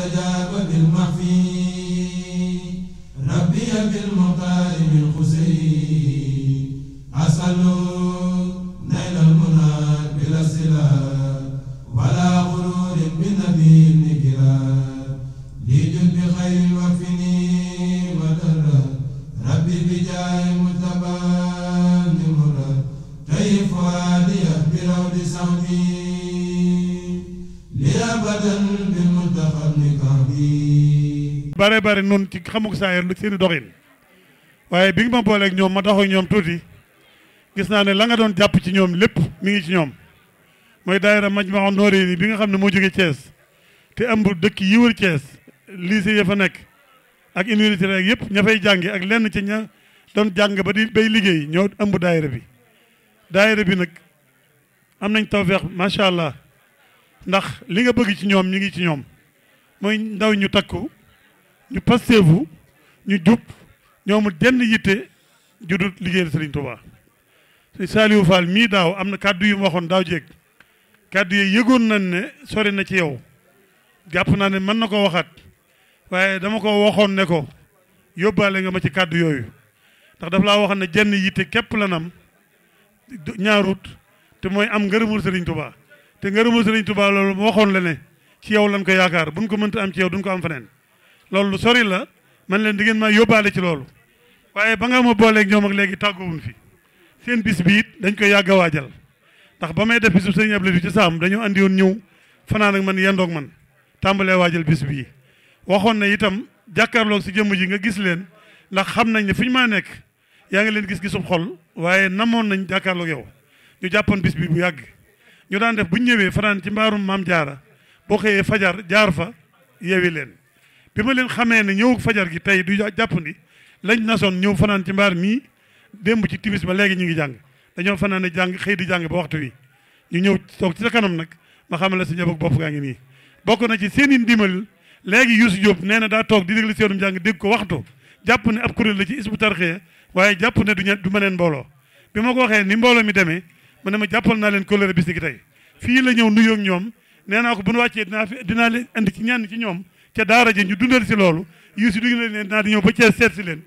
استجاب بالمخفي ربي بالمطالب الخزي أسأله bare bare noonu ci xamuk saa yor lu seen i doxin waaye bi nga ma booleeg ñoom ma taxaw ñoom tuuti gis naa ne la nga doon jàpp ci ñoom lépp mi ngi ci ñoom mooy daayira Majmahun Nurayni bi nga xam ne moo jóge Thiès te ëmb dëkk yi wër Thiès lycée fa nekk ak université rek yëpp ña fay ak lenn ci ña doon jàng ba di bay liggéey ñoo ëmb daayira bi daayira bi nag am nañ tawfeex macha allah ndax li nga bëgg ci ñoom ñi ngi ci ñoom mooy ndaw ñu takku ñu pasteefu ñu jub ñoomu jenn yitte judul liggéeyal Serigne Touba sëñ Saliou Fall mii daaw am na kàddu yu mu waxoon daaw jéeg kàddu yi yëgoon nañ ne sori na ci yow jàpp naa ne mën na ko waxaat waaye dama ko waxoon ne ko yóbbaale nga ma ci kàddu yooyu ndax daf laa waxoon ne jenn yitte képp la nam ñaarut te mooy am ngërëmul Serigne Touba te ngërëmul Serigne Touba loolu waxoon la ne ci yow lan ko yaakaar buñ ko mënta am ci yow duñ ko am feneen loolu lu sori la man leen di ngeen maa yóbbaale ci loolu waaye ba nga ma booleeg ñoom ak léegi tàggoowuñ fi seen bis bi it dañ koy yàgg waajal ndax ba may def bisu sëñ Abdou Latif ci saam dañoo andi woon ñëw fanaan ak man yendoog man tàmbalee waajal bis bii waxoon na itam jàkkaarloog si jëmm ji nga gis leen ndax xam nañ ne fi ñu maa nekk yaa ngi leen gis gisum xol waaye namoon nañ jàkkaarloog yow ñu jàppoon bis bi bu yàgg ñu daan def bu ñu ñëwee fanaan ci mbaarum maam jaara boo xëyee fajar jaar fa yewi leen bi ma leen xamee ne ñëw fajar gi tey du jàpp ni lañ nasoon ñëw fanaan ci mbaar mii démb ci timis ba léegi ñu ngi jàng dañoo fanaan jàng xëy di jàng ba waxtu wi ñu ñëw toog ci sa kanam nag ma xamal la si ñëpp ak bopp gaa ngi nii bokk na ci seen i ndimbal léegi Youssou Diop nee na daa toog di déglu seenum jàng dégg ko waxtu jàpp ne ab kuréel la ci isbu tarxee waaye jàpp ne du du ma leen mbooloo bi ma ko waxee ni mbooloo mi demee ma ne ma jàppal naa leen kóllëre bis ni ki tey fii ñëw nuyoo ak ñoom nee naa ko bu nu wàccee dinaa dinaa leen andi ci ñenn ci ñoom ca daara ja ñu dundal si loolu yu si dugal leen naa di ñëw ba Thiès seet si leen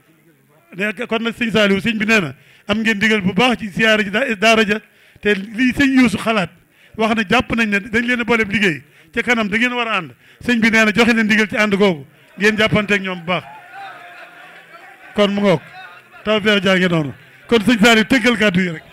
kon nag sëñ Saliou sëñ bi nee na am ngeen digal bu baax ci siyaara ji daara ja te lii sëñ Youssou xalaat wax ne jàpp nañ ne dañ leen a booleeb liggéey ca kanam da ngeen war a ànd sëñ bi nee na joxe leen digal ci ànd googu ngeen jàppanteeg ñoom bu baax kon mu ngoog taw feex jaa ngi noonu kon sëñ Saliou tëggal kàddu yi rek